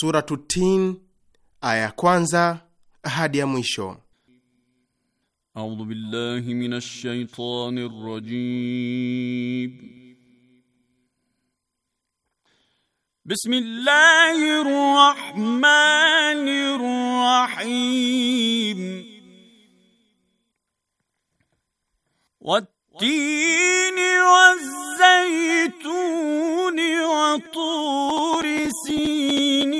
Suratu Tin, aya ya kwanza hadi ya mwisho. A'udhu billahi minash shaitanir rajim. Bismillahir rahmanir rahim. والتين والزيتون وطور سينين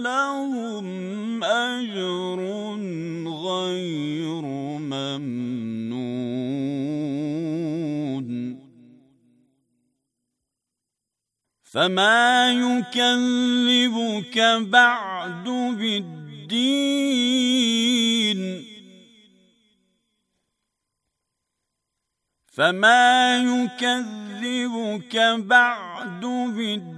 لهم أجر غير ممنون فما يكذبك بعد بالدين فما يكذبك بعد بالدين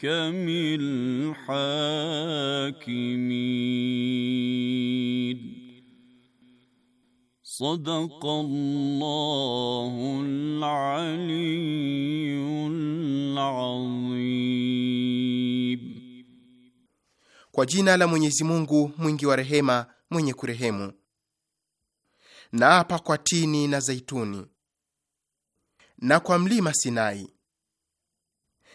Kwa jina la Mwenyezi Mungu mwingi wa rehema mwenye kurehemu. Na hapa kwa tini na zaituni na kwa mlima Sinai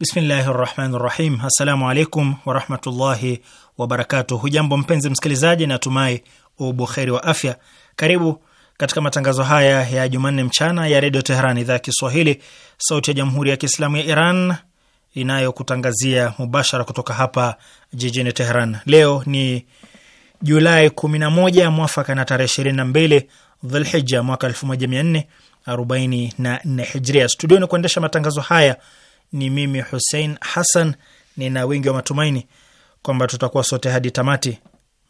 Bismillahi rahmani rahim. Assalamu alaikum warahmatullahi wabarakatuh. Hujambo mpenzi msikilizaji, natumai ubuheri wa afya. Karibu katika matangazo haya ya Jumanne mchana ya redio Teheran, idhaa ya Kiswahili, sauti ya jamhuri ya kiislamu ya Iran inayokutangazia mubashara kutoka hapa jijini Teheran. Leo ni Julai 11 mwafaka na tarehe 22 Dhulhija mwaka 1444 hijria. Studioni kuendesha matangazo haya ni mimi Hussein Hassan, nina wingi wa matumaini kwamba tutakuwa sote hadi tamati.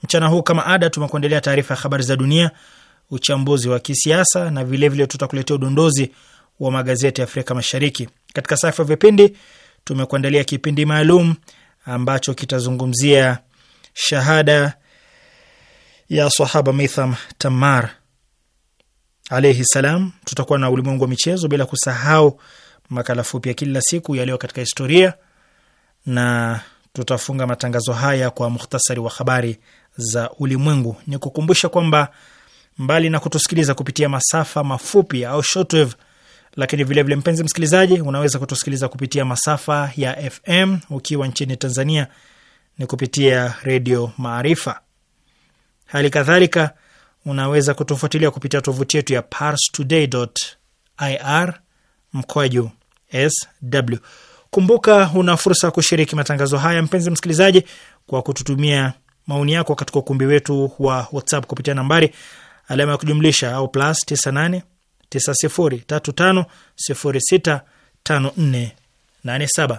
Mchana huu kama ada, tumekuandalia taarifa ya habari za dunia, uchambuzi wa kisiasa na vilevile tutakuletea udondozi wa magazeti ya Afrika Mashariki. Katika safu ya vipindi tumekuandalia kipindi maalum ambacho kitazungumzia shahada ya sahaba Mitham Tamar alaihi salam. Tutakuwa na ulimwengu wa michezo, bila kusahau makala fupi ya kila siku yaliyo katika historia, na tutafunga matangazo haya kwa muhtasari wa habari za ulimwengu. Ni kukumbusha kwamba mbali na kutusikiliza kupitia masafa mafupi au shortwave, lakini vilevile vile, mpenzi msikilizaji, unaweza kutusikiliza kupitia masafa ya FM ukiwa nchini Tanzania ni kupitia Redio Maarifa. Hali kadhalika unaweza kutufuatilia kupitia tovuti yetu ya parstoday.ir juu sw. Kumbuka una fursa ya kushiriki matangazo haya, mpenzi msikilizaji, kwa kututumia maoni yako katika ukumbi wetu wa WhatsApp kupitia nambari alama ya kujumlisha au plus 98 9035065487.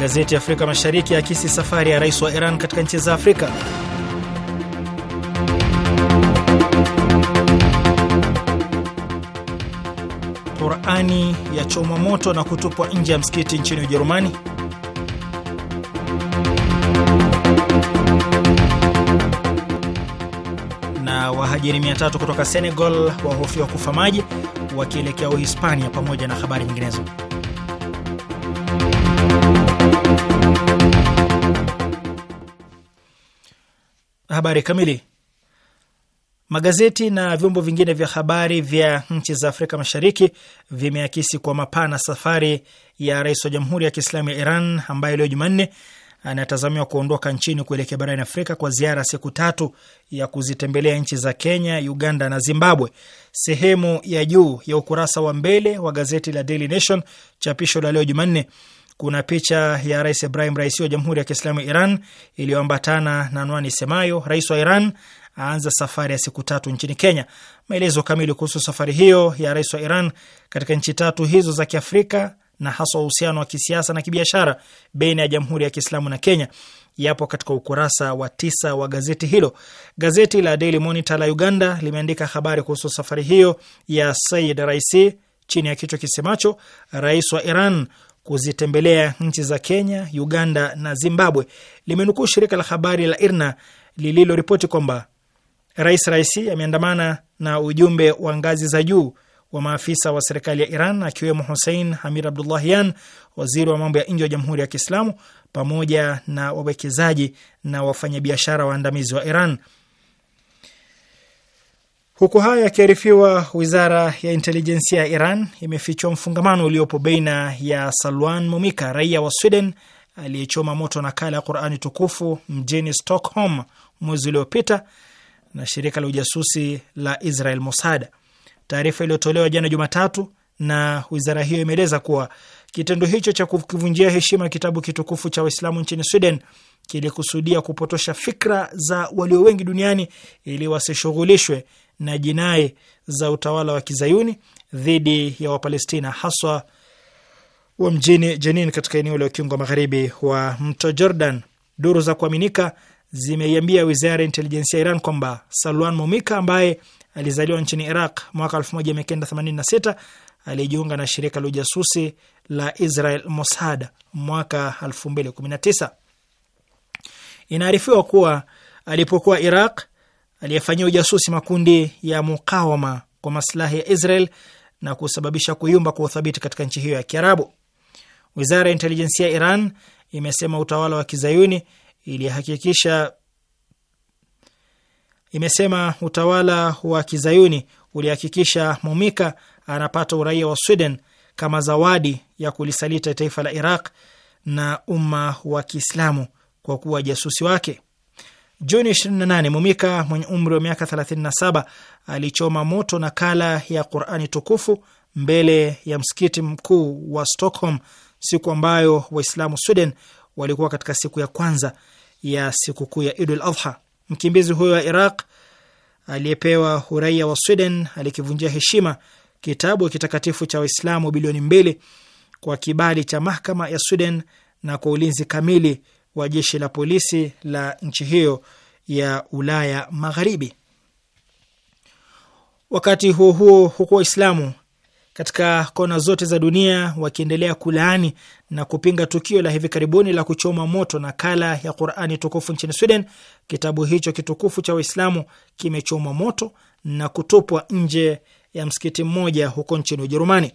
Magazeti ya Afrika Mashariki yaakisi safari ya rais wa Iran katika nchi za Afrika. Qurani ya chomwa moto na kutupwa nje ya msikiti nchini Ujerumani. Na wahajiri 300 kutoka Senegal wahofiwa kufa maji wakielekea Uhispania, pamoja na habari nyinginezo. habari kamili. Magazeti na vyombo vingine vya habari vya nchi za Afrika Mashariki vimeakisi kwa mapana safari ya rais wa Jamhuri ya Kiislamu ya Iran ambaye leo Jumanne anatazamiwa kuondoka nchini kuelekea barani Afrika kwa ziara siku tatu ya kuzitembelea nchi za Kenya, Uganda na Zimbabwe. Sehemu ya juu ya ukurasa wa mbele wa gazeti la Daily Nation chapisho la leo Jumanne kuna picha ya Rais Ibrahim Raisi wa Jamhuri ya Kiislamu ya Iran iliyoambatana na anwani semayo, rais wa Iran aanza safari ya siku tatu nchini Kenya. Maelezo kamili kuhusu safari hiyo ya rais wa Iran katika nchi tatu hizo za Kiafrika na haswa uhusiano wa kisiasa na kibiashara baina ya Jamhuri ya Kiislamu na Kenya yapo katika ukurasa wa tisa wa gazeti hilo. Gazeti la Daily Monitor la Uganda limeandika habari kuhusu safari hiyo ya Said Raisi chini ya kichwa kisemacho rais wa Iran kuzitembelea nchi za Kenya, Uganda na Zimbabwe, limenukuu shirika la habari la IRNA lililoripoti kwamba Rais Raisi ameandamana na ujumbe wa ngazi za juu wa maafisa wa serikali ya Iran akiwemo Hussein Hamir Abdullahian, waziri wa mambo ya nje wa Jamhuri ya Kiislamu, pamoja na wawekezaji na wafanyabiashara waandamizi wa Iran. Huku haya yakiarifiwa, wizara ya intelijensia ya Iran imefichua mfungamano uliopo baina ya Salwan Momika, raia wa Sweden aliyechoma moto nakala ya Qurani tukufu mjini Stockholm mwezi uliopita na shirika la ujasusi la Israel Mossad. Taarifa iliyotolewa jana Jumatatu na wizara hiyo imeeleza kuwa kitendo hicho cha kukivunjia heshima kitabu kitukufu cha Waislamu nchini Sweden kilikusudia kupotosha fikra za walio wengi duniani ili wasishughulishwe na jinai za utawala wa kizayuni dhidi ya Wapalestina haswa wa mjini Jenin katika eneo la ukingo magharibi wa mto Jordan. Duru za kuaminika zimeiambia wizara ya intelijensia ya Iran kwamba Salwan Momika ambaye alizaliwa nchini Iraq mwaka 1986 alijiunga na shirika la ujasusi la Israel Mossad mwaka 2019. Inaarifiwa kuwa alipokuwa Iraq aliyefanyia ujasusi makundi ya mukawama kwa maslahi ya Israel na kusababisha kuyumba kwa uthabiti katika nchi hiyo ya Kiarabu. Wizara ya intelijensia ya Iran imesema utawala wa kizayuni ilihakikisha imesema utawala wa kizayuni ulihakikisha Mumika anapata uraia wa Sweden kama zawadi ya kulisalita taifa la Iraq na umma wa Kiislamu kwa kuwa jasusi wake. Juni 28 Mumika mwenye umri wa miaka 37 alichoma moto nakala ya Qurani tukufu mbele ya msikiti mkuu wa Stockholm siku ambayo Waislamu Sweden walikuwa katika siku ya kwanza ya sikukuu ya Idul Adha. Mkimbizi huyo wa Iraq aliyepewa uraia wa Sweden alikivunjia heshima kitabu kitakatifu cha Waislamu bilioni mbili kwa kibali cha mahakama ya Sweden na kwa ulinzi kamili wa jeshi la polisi la nchi hiyo ya Ulaya Magharibi. Wakati huo huo, huku Waislamu katika kona zote za dunia wakiendelea kulaani na kupinga tukio la hivi karibuni la kuchoma moto nakala ya Qurani tukufu nchini Sweden, kitabu hicho kitukufu cha Waislamu kimechomwa moto na kutupwa nje ya msikiti mmoja huko nchini Ujerumani.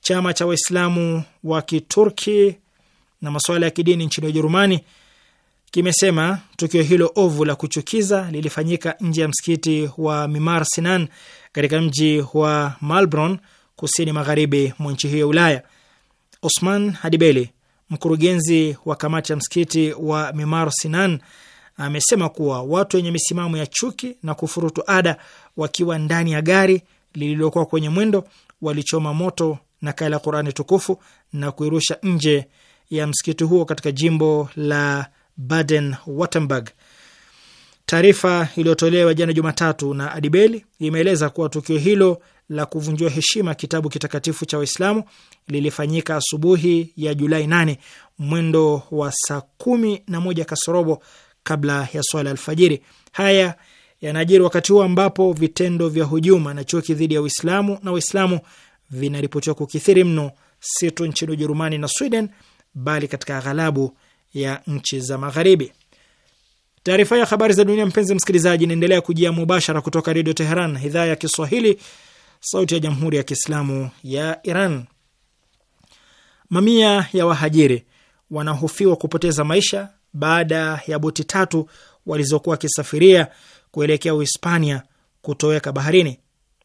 Chama cha Waislamu wa Kiturki na masuala ya kidini nchini Ujerumani kimesema tukio hilo ovu la kuchukiza lilifanyika nje ya msikiti wa Mimar Sinan katika mji wa Malbron, kusini magharibi mwa nchi hiyo ya Ulaya. Osman Hadibeli, mkurugenzi wa kamati ya msikiti wa Mimar Sinan, amesema kuwa watu wenye misimamo ya chuki na kufurutu ada wakiwa ndani ya gari lililokuwa kwenye mwendo walichoma moto nakala ya Qurani tukufu na kuirusha nje ya msikiti huo katika jimbo la Baden Württemberg. Taarifa iliyotolewa jana Jumatatu na Adibeli imeeleza kuwa tukio hilo la kuvunjiwa heshima kitabu kitakatifu cha Waislamu lilifanyika asubuhi ya Julai 8 mwendo wa saa kumi na moja kasorobo kabla ya swala alfajiri. Haya yanajiri wakati huo ambapo vitendo vya hujuma na chuki dhidi ya Uislamu na Waislamu vinaripotiwa kukithiri mno si tu nchini Ujerumani na Sweden bali katika ghalabu ya nchi za magharibi. Taarifa ya habari za dunia, mpenzi msikilizaji, inaendelea kujia mubashara kutoka Redio Teheran, idhaa ya Kiswahili, sauti ya Jamhuri ya Kiislamu ya Iran. Mamia ya wahajiri wanahofiwa kupoteza maisha baada ya boti tatu walizokuwa wakisafiria kuelekea Uhispania kutoweka baharini.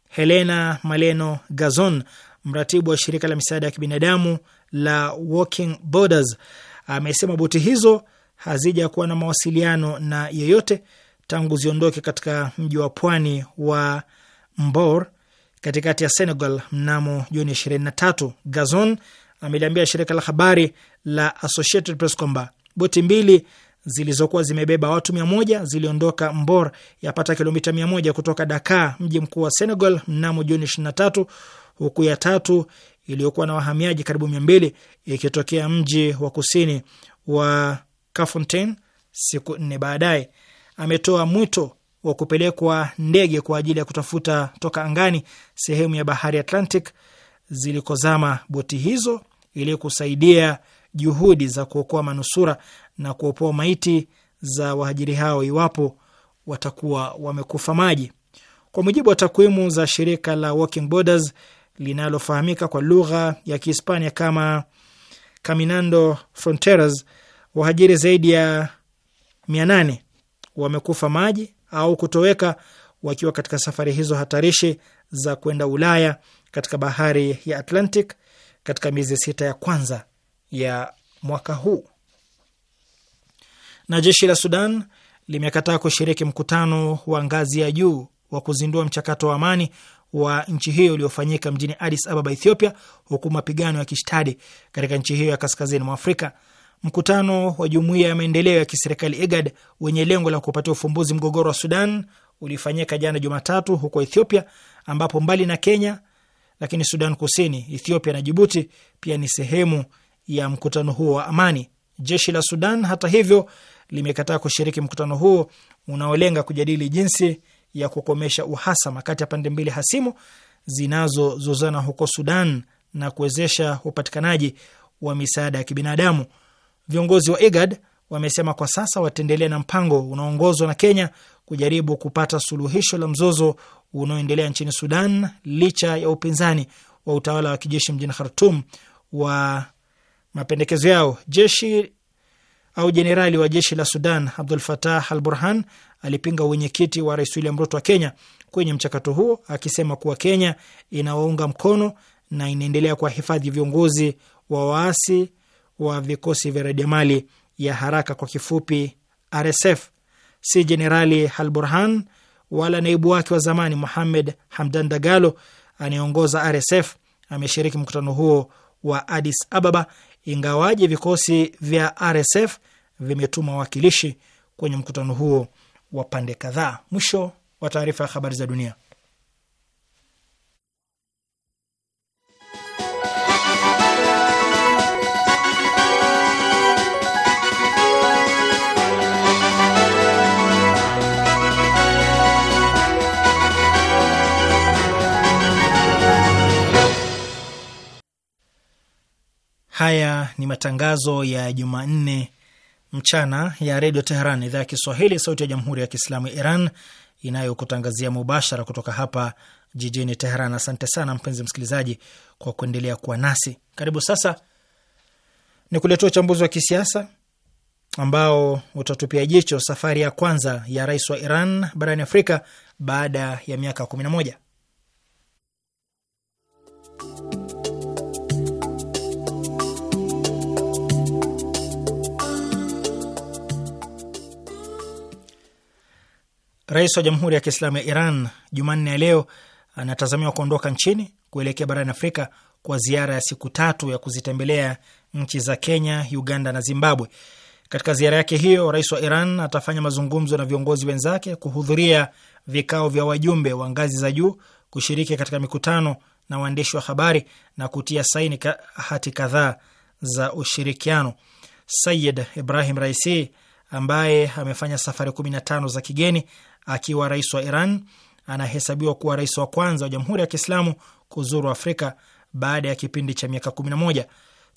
Helena Maleno Gazon, mratibu wa shirika la misaada ya kibinadamu la Walking Borders amesema boti hizo hazija kuwa na mawasiliano na yeyote tangu ziondoke katika mji wa pwani wa Mbor katikati ya Senegal mnamo Juni 23. Gazon ameliambia shirika la habari la Associated Press kwamba boti mbili zilizokuwa zimebeba watu mia moja ziliondoka Mbor, yapata kilomita mia moja kutoka Dakar, mji mkuu wa Senegal mnamo Juni 23, huku ya tatu iliyokuwa na wahamiaji karibu mia mbili ikitokea mji wa kusini wa Kafontein siku nne baadaye. Ametoa mwito wa kupelekwa ndege kwa ajili ya kutafuta toka angani sehemu ya bahari Atlantic zilikozama boti hizo ili kusaidia juhudi za kuokoa manusura na kuopoa maiti za wahajiri hao iwapo watakuwa wamekufa maji. Kwa mujibu wa takwimu za shirika la Walking Borders, linalofahamika kwa lugha ya Kihispania kama Caminando Fronteras, wahajiri zaidi ya mia nane wamekufa maji au kutoweka wakiwa katika safari hizo hatarishi za kwenda Ulaya katika bahari ya Atlantic katika miezi sita ya kwanza ya mwaka huu. Na jeshi la Sudan limekataa kushiriki mkutano wa ngazi ya juu wa kuzindua mchakato wa amani wa nchi hiyo uliofanyika mjini Addis Ababa, Ethiopia, huku mapigano ya kishtadi katika nchi hiyo ya kaskazini mwa Afrika. Mkutano wa Jumuiya ya Maendeleo ya Kiserikali IGAD wenye lengo la kupatia ufumbuzi mgogoro wa Sudan ulifanyika jana Jumatatu huko Ethiopia, ambapo mbali na Kenya lakini Sudan Kusini, Ethiopia na Jibuti pia ni sehemu ya mkutano huo wa amani. Jeshi la Sudan hata hivyo limekataa kushiriki mkutano huo unaolenga kujadili jinsi ya kukomesha uhasama kati ya pande mbili hasimu zinazozozana huko Sudan na kuwezesha upatikanaji wa misaada ya kibinadamu. Viongozi wa IGAD wamesema kwa sasa wataendelea na mpango unaoongozwa na Kenya kujaribu kupata suluhisho la mzozo unaoendelea nchini Sudan licha ya upinzani wa utawala wa kijeshi mjini Khartum wa mapendekezo yao. Jeshi au jenerali wa jeshi la Sudan Abdul Fatah Al Burhan alipinga uwenyekiti wa Rais William Ruto wa Kenya kwenye mchakato huo, akisema kuwa Kenya inawaunga mkono na inaendelea kuwahifadhi viongozi wa waasi wa vikosi vya radia mali ya haraka kwa kifupi RSF. Si Jenerali Halburhan wala naibu wake wa zamani Muhamed Hamdan Dagalo anayeongoza RSF ameshiriki mkutano huo wa Adis Ababa, ingawaje vikosi vya RSF vimetuma wawakilishi kwenye mkutano huo wa pande kadhaa. Mwisho wa taarifa ya habari za dunia. Haya ni matangazo ya Jumanne mchana ya Redio Teheran, idhaa ya Kiswahili, sauti ya Jamhuri ya Kiislamu ya Iran inayokutangazia mubashara kutoka hapa jijini Teheran. Asante sana mpenzi msikilizaji kwa kuendelea kuwa nasi. Karibu sasa ni kuletea uchambuzi wa kisiasa ambao utatupia jicho safari ya kwanza ya rais wa Iran barani Afrika baada ya miaka 11. Rais wa Jamhuri ya Kiislamu ya Iran Jumanne ya leo anatazamiwa kuondoka nchini kuelekea barani Afrika kwa ziara ya siku tatu ya kuzitembelea nchi za Kenya, Uganda na Zimbabwe. Katika ziara yake hiyo, rais wa Iran atafanya mazungumzo na viongozi wenzake, kuhudhuria vikao vya wajumbe wa ngazi za juu, kushiriki katika mikutano na waandishi wa habari na kutia saini hati kadhaa za ushirikiano. Sayid Ibrahim Raisi ambaye amefanya safari kumi na tano za kigeni akiwa rais wa Iran anahesabiwa kuwa rais wa kwanza wa Jamhuri ya Kiislamu kuzuru Afrika baada ya kipindi cha miaka 11.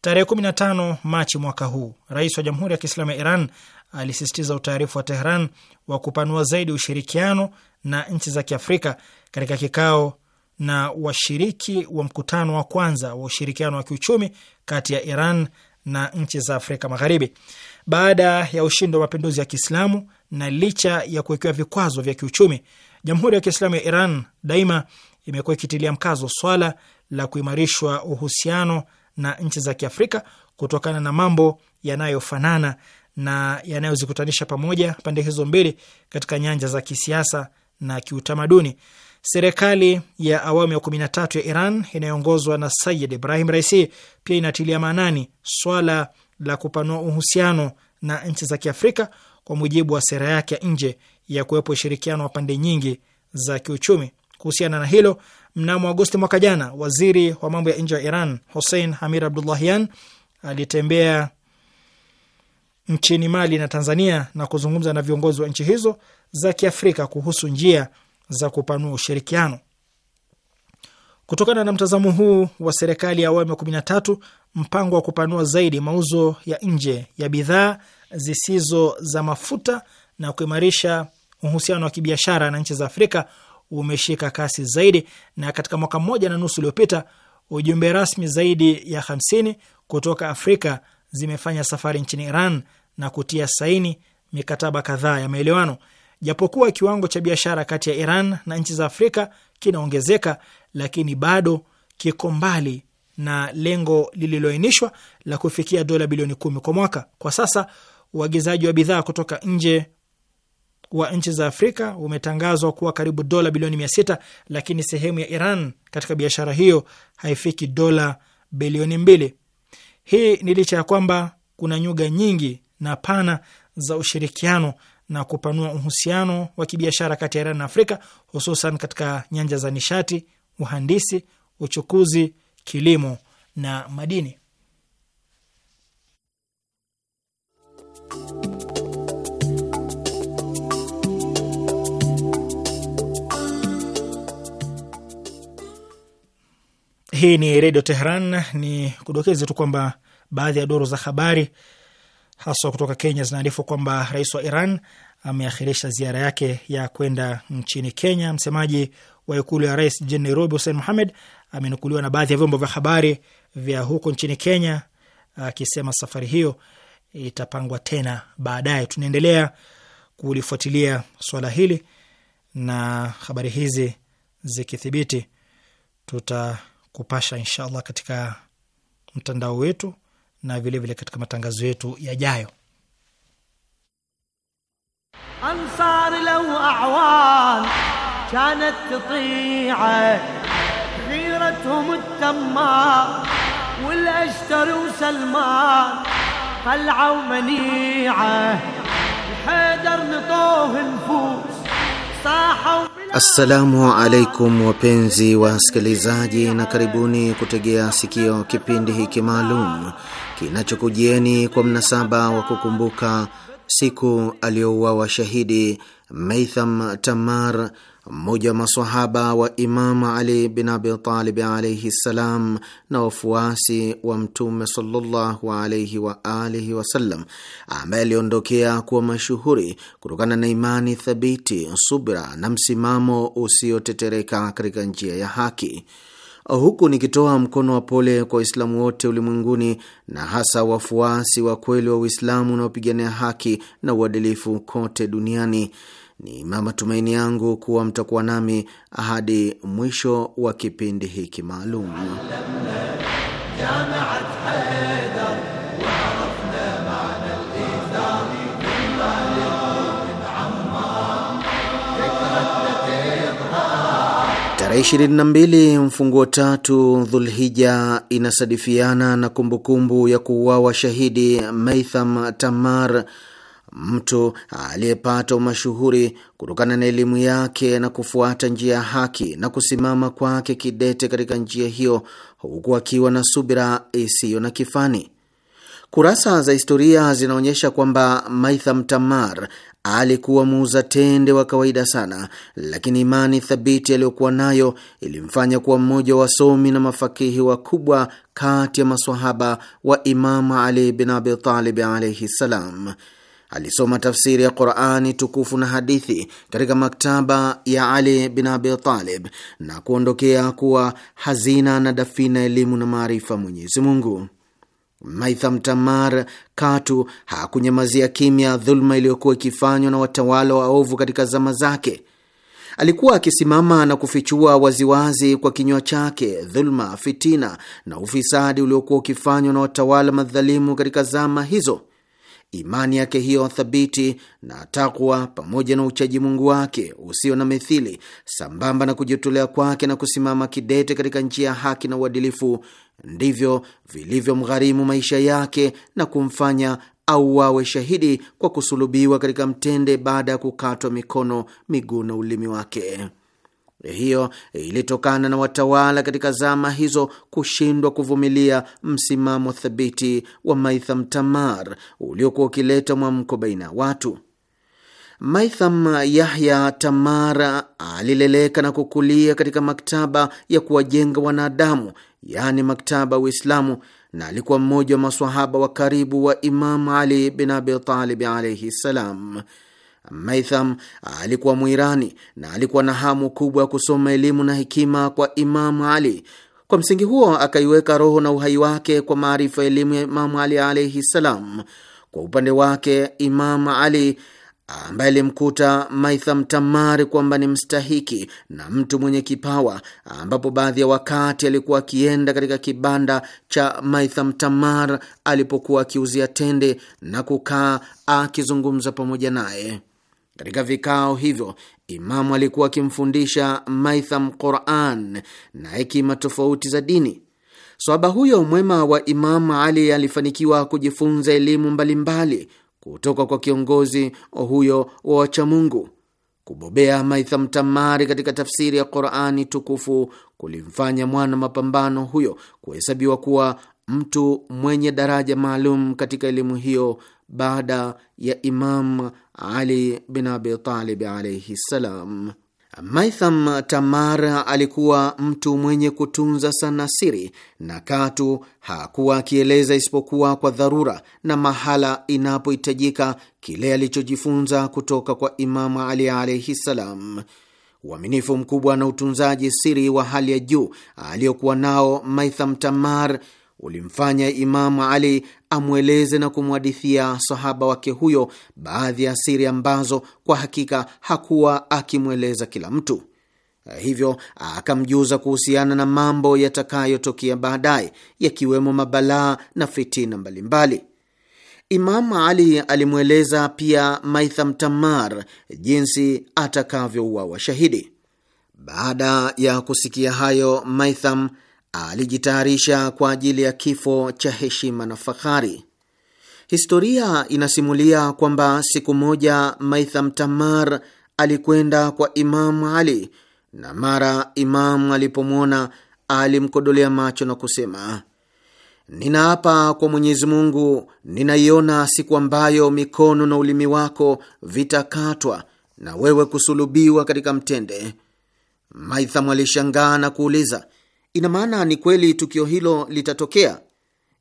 Tarehe 15 Machi mwaka huu, rais wa Jamhuri ya Kiislamu ya Iran alisisitiza utaarifu wa Tehran wa kupanua zaidi ushirikiano na nchi za Kiafrika katika kikao na washiriki wa mkutano wa kwanza wa ushirikiano wa kiuchumi kati ya Iran na nchi za Afrika Magharibi. Baada ya ushindi wa mapinduzi ya Kiislamu, na licha ya kuwekewa vikwazo vya kiuchumi, Jamhuri ya Kiislamu ya Iran daima imekuwa ikitilia mkazo swala la kuimarishwa uhusiano na nchi za Kiafrika kutokana na mambo yanayofanana na yanayozikutanisha pamoja pande hizo mbili katika nyanja za kisiasa na kiutamaduni. Serikali ya awamu ya kumi na tatu ya Iran inayoongozwa na Sayid Ibrahim Raisi pia inatilia maanani swala la kupanua uhusiano na nchi za Kiafrika kwa mujibu wa sera yake ya nje ya kuwepo ushirikiano wa pande nyingi za kiuchumi. Kuhusiana na hilo, mnamo Agosti mwaka jana, waziri wa mambo ya nje wa Iran Hussein Hamir Abdullahian alitembea nchini Mali na Tanzania na kuzungumza na viongozi wa nchi hizo za Kiafrika kuhusu njia za kupanua ushirikiano. Kutokana na mtazamo huu wa serikali ya awamu ya kumi na tatu, mpango wa kupanua zaidi mauzo ya nje ya bidhaa zisizo za mafuta na kuimarisha uhusiano wa kibiashara na nchi za Afrika umeshika kasi zaidi, na katika mwaka mmoja na nusu uliopita ujumbe rasmi zaidi ya hamsini kutoka Afrika zimefanya safari nchini Iran na kutia saini mikataba kadhaa ya maelewano. Japokuwa kiwango cha biashara kati ya Iran na nchi za Afrika kinaongezeka, lakini bado kiko mbali na lengo lililoainishwa la kufikia dola bilioni kumi kwa mwaka. Kwa sasa uagizaji wa bidhaa kutoka nje wa nchi za Afrika umetangazwa kuwa karibu dola bilioni mia sita, lakini sehemu ya Iran katika biashara hiyo haifiki dola bilioni mbili. Hii ni licha ya kwamba kuna nyuga nyingi na pana za ushirikiano na kupanua uhusiano wa kibiashara kati ya Iran na Afrika, hususan katika nyanja za nishati, uhandisi, uchukuzi, kilimo na madini. Hii ni Redio Teheran. Ni kudokeze tu kwamba baadhi ya doro za habari haswa kutoka Kenya zinaarifu kwamba rais wa Iran ameakhirisha ziara yake ya kwenda nchini Kenya. Msemaji wa ikulu ya rais jijini Nairobi, Hussein Mohamed, amenukuliwa na baadhi ya vyombo vya habari vya huko nchini Kenya akisema safari hiyo itapangwa tena baadaye. Tunaendelea kulifuatilia swala hili na habari hizi zikithibiti, tutakupasha insha allah katika mtandao wetu na vilevile vile katika matangazo yetu yajayo. Ansari lau awan kanat tamma wal ashtar salman طلعوا منيعة حيدر نطوه نفوس صاحوا Assalamu alaikum wapenzi wasikilizaji, na karibuni kutegea sikio kipindi hiki maalum kinachokujieni kwa mnasaba wa kukumbuka siku aliyouawa shahidi Maitham Tamar mmoja wa masahaba wa Imam Ali bin Abitalib alaihi ssalam na wafuasi wa Mtume sallallahu alaihi wa alihi wasallam, ambaye aliondokea kuwa mashuhuri kutokana na imani thabiti, subra na msimamo usiotetereka katika njia ya haki huku nikitoa mkono wa pole kwa Waislamu wote ulimwenguni na hasa wafuasi wa kweli wa Uislamu unaopigania haki na uadilifu kote duniani ni matumaini yangu kuwa mtakuwa nami hadi mwisho wa kipindi hiki maalum. Tarehe 22 mfunguo tatu Dhulhija inasadifiana na kumbukumbu ya kuuawa shahidi Maitham Tamar Mtu aliyepata umashuhuri kutokana na elimu yake na kufuata njia ya haki na kusimama kwake kidete katika njia hiyo, huku akiwa na subira isiyo na kifani. Kurasa za historia zinaonyesha kwamba Maitham Tamar alikuwa muuza tende wa kawaida sana, lakini imani thabiti aliyokuwa nayo ilimfanya kuwa mmoja wa wasomi na mafakihi wakubwa kati ya maswahaba wa Imamu Ali bin Abi Talib alaihi ssalam alisoma tafsiri ya Qurani tukufu na hadithi katika maktaba ya Ali bin Abi Talib na kuondokea kuwa hazina na dafina elimu na maarifa Mwenyezi Mungu. Maitham Tamar katu hakunyamazia kimya dhuluma iliyokuwa ikifanywa na watawala waovu katika zama zake. Alikuwa akisimama na kufichua waziwazi kwa kinywa chake dhuluma, fitina na ufisadi uliokuwa ukifanywa na watawala madhalimu katika zama hizo. Imani yake hiyo thabiti na takwa pamoja na uchaji Mungu wake usio na mithili, sambamba na kujitolea kwake na kusimama kidete katika njia ya haki na uadilifu, ndivyo vilivyomgharimu maisha yake na kumfanya au wawe shahidi kwa kusulubiwa katika mtende baada ya kukatwa mikono, miguu na ulimi wake hiyo ilitokana na watawala katika zama hizo kushindwa kuvumilia msimamo thabiti wa Maitham Tamar uliokuwa ukileta mwamko baina ya watu. Maitham Yahya Tamar alileleka na kukulia katika maktaba ya kuwajenga wanadamu, yaani maktaba wa Uislamu, na alikuwa mmoja wa maswahaba wa karibu wa Imamu Ali bin Abi Talib alaihi ssalam. Maitham alikuwa Mwirani na alikuwa na hamu kubwa ya kusoma elimu na hekima kwa Imamu Ali. Kwa msingi huo akaiweka roho na uhai wake kwa maarifa ya elimu ya Imamu Ali alaihi ssalam. Kwa upande wake Imamu Ali ambaye alimkuta Maitham Tamari kwamba ni mstahiki na mtu mwenye kipawa, ambapo baadhi ya wakati alikuwa akienda katika kibanda cha Maitham Tamar alipokuwa akiuzia tende na kukaa akizungumza pamoja naye. Katika vikao hivyo Imamu alikuwa akimfundisha Maitham Quran na hekima tofauti za dini. Swaba huyo mwema wa Imamu Ali alifanikiwa kujifunza elimu mbalimbali kutoka kwa kiongozi huyo wa wachamungu. Kubobea Maitham Tamari katika tafsiri ya Qurani tukufu kulimfanya mwana mapambano huyo kuhesabiwa kuwa mtu mwenye daraja maalum katika elimu hiyo baada ya Imam ali bin Abi Talib alaihi ssalam. Maitham Tamar alikuwa mtu mwenye kutunza sana siri na katu hakuwa akieleza isipokuwa kwa dharura na mahala inapohitajika kile alichojifunza kutoka kwa Imamu Ali alaihi ssalam. Uaminifu mkubwa na utunzaji siri wa hali ya juu aliyokuwa nao Maitham Tamar ulimfanya Imamu Ali amweleze na kumwadithia sahaba wake huyo baadhi ya siri ambazo kwa hakika hakuwa akimweleza kila mtu. Hivyo akamjuza kuhusiana na mambo yatakayotokea baadaye, yakiwemo mabalaa na fitina mbalimbali. Imamu Ali alimweleza pia Maitham Tamar jinsi atakavyouawa shahidi. Baada ya kusikia hayo Maitham alijitayarisha kwa ajili ya kifo cha heshima na fahari. Historia inasimulia kwamba siku moja Maitham Tamar alikwenda kwa Imamu Ali, na mara Imamu alipomwona alimkodolea macho na kusema, ninaapa kwa Mwenyezi Mungu, ninaiona siku ambayo mikono na ulimi wako vitakatwa na wewe kusulubiwa katika mtende. Maitham alishangaa na kuuliza Ina maana ni kweli tukio hilo litatokea?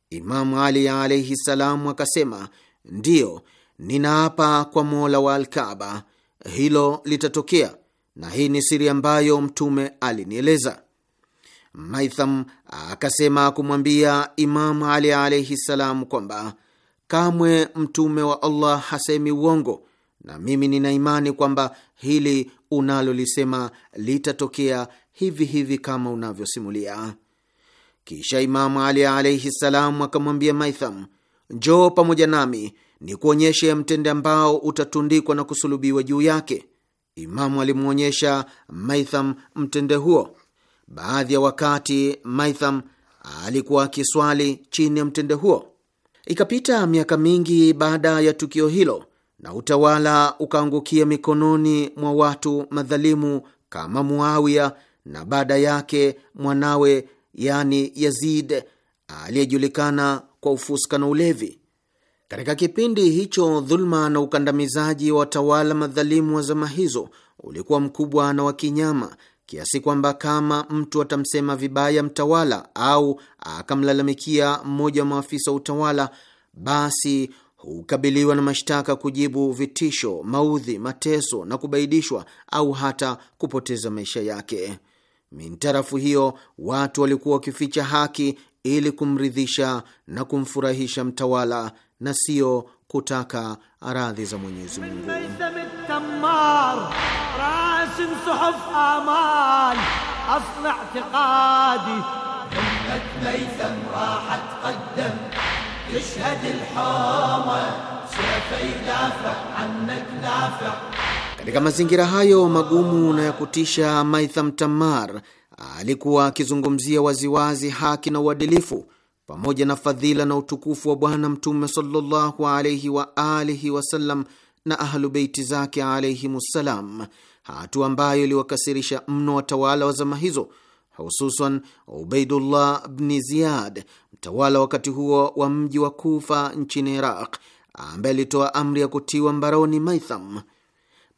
Imamu Ali alaihi salamu akasema, ndiyo, ninaapa kwa mola wa Alkaba, hilo litatokea, na hii ni siri ambayo Mtume alinieleza. Maitham akasema kumwambia Imamu Ali alaihi salam kwamba kamwe Mtume wa Allah hasemi uongo, na mimi nina imani kwamba hili unalolisema litatokea hivi hivi kama unavyosimulia. Kisha Imamu Ali alaihi ssalam akamwambia Maitham, njoo pamoja nami ni kuonyeshe mtende ambao utatundikwa na kusulubiwa juu yake. Imamu alimwonyesha Maitham mtende huo. Baadhi ya wakati Maitham alikuwa akiswali chini ya mtende huo. Ikapita miaka mingi baada ya tukio hilo, na utawala ukaangukia mikononi mwa watu madhalimu kama Muawiya na baada yake mwanawe yani Yazid aliyejulikana kwa ufuska na ulevi. Katika kipindi hicho, dhuluma na ukandamizaji wa watawala madhalimu wa zama hizo ulikuwa mkubwa na wa kinyama kiasi kwamba kama mtu atamsema vibaya mtawala au akamlalamikia mmoja wa maafisa wa utawala, basi hukabiliwa na mashtaka, kujibu vitisho, maudhi, mateso na kubaidishwa au hata kupoteza maisha yake. Mintarafu hiyo watu walikuwa wakificha haki ili kumridhisha na kumfurahisha mtawala na sio kutaka radhi za Mwenyezi Mungu. Katika mazingira hayo magumu na ya kutisha, Maitham Tamar alikuwa akizungumzia waziwazi haki na uadilifu pamoja na fadhila na utukufu wa Bwana Mtume sallallahu alaihi wa alihi wasallam na Ahlubeiti zake alaihimussalam, hatua ambayo iliwakasirisha mno watawala wa zama hizo, hususan Ubaidullah bni Ziyad, mtawala wakati huo wa mji wa Kufa nchini Iraq, ambaye alitoa amri ya kutiwa mbaroni Maitham.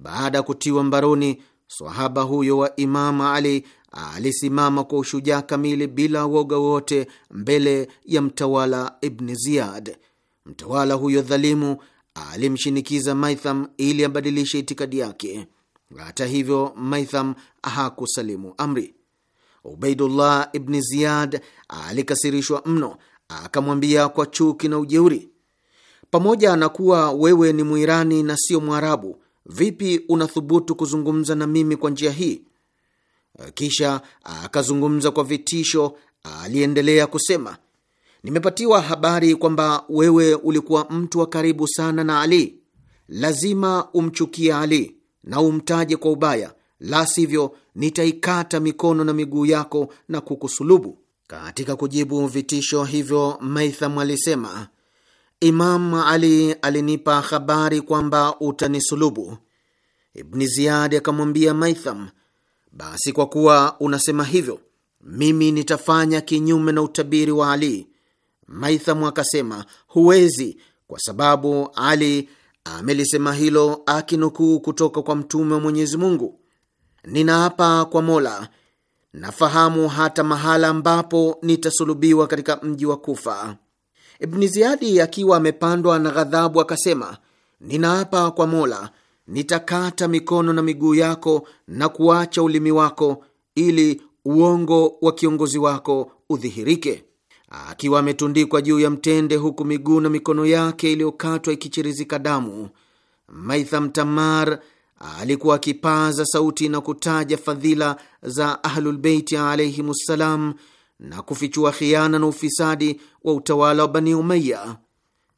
Baada ya kutiwa mbaroni, swahaba huyo wa Imamu Ali alisimama kwa ushujaa kamili bila woga wote mbele ya mtawala Ibni Ziyad. Mtawala huyo dhalimu alimshinikiza Maitham ili abadilishe itikadi yake. Hata hivyo, Maitham hakusalimu amri. Ubaidullah Ibni Ziyad alikasirishwa mno, akamwambia kwa chuki na ujeuri, pamoja na kuwa wewe ni Mwirani na sio Mwarabu, vipi unathubutu kuzungumza na mimi kwa njia hii? Eh, kisha akazungumza kwa vitisho. Aliendelea kusema, nimepatiwa habari kwamba wewe ulikuwa mtu wa karibu sana na Ali. Lazima umchukie Ali na umtaje kwa ubaya, la sivyo nitaikata mikono na miguu yako na kukusulubu. Katika kujibu vitisho hivyo, Maitham alisema Imam Ali alinipa habari kwamba utanisulubu. Ibni Ziyadi akamwambia Maitham, basi kwa kuwa unasema hivyo, mimi nitafanya kinyume na utabiri wa Ali. Maitham akasema, huwezi, kwa sababu Ali amelisema hilo akinukuu kutoka kwa Mtume wa Mwenyezi Mungu. Ninaapa kwa Mola, nafahamu hata mahala ambapo nitasulubiwa katika mji wa Kufa. Ibni Ziyadi akiwa amepandwa na ghadhabu akasema, ninaapa kwa Mola, nitakata mikono na miguu yako na kuacha ulimi wako ili uongo wa kiongozi wako udhihirike. Akiwa ametundikwa juu ya mtende, huku miguu na mikono yake iliyokatwa ikichirizika damu, Maitham Tamar alikuwa akipaza sauti na kutaja fadhila za Ahlulbeiti alaihim ssalam na kufichua khiana na ufisadi wa utawala wa Bani Umayya.